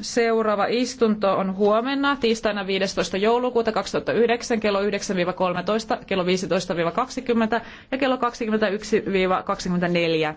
Seuraava istunto on huomenna tiistaina 15. joulukuuta 2009 kello 9-13, kello 15-20 ja kello 21-24.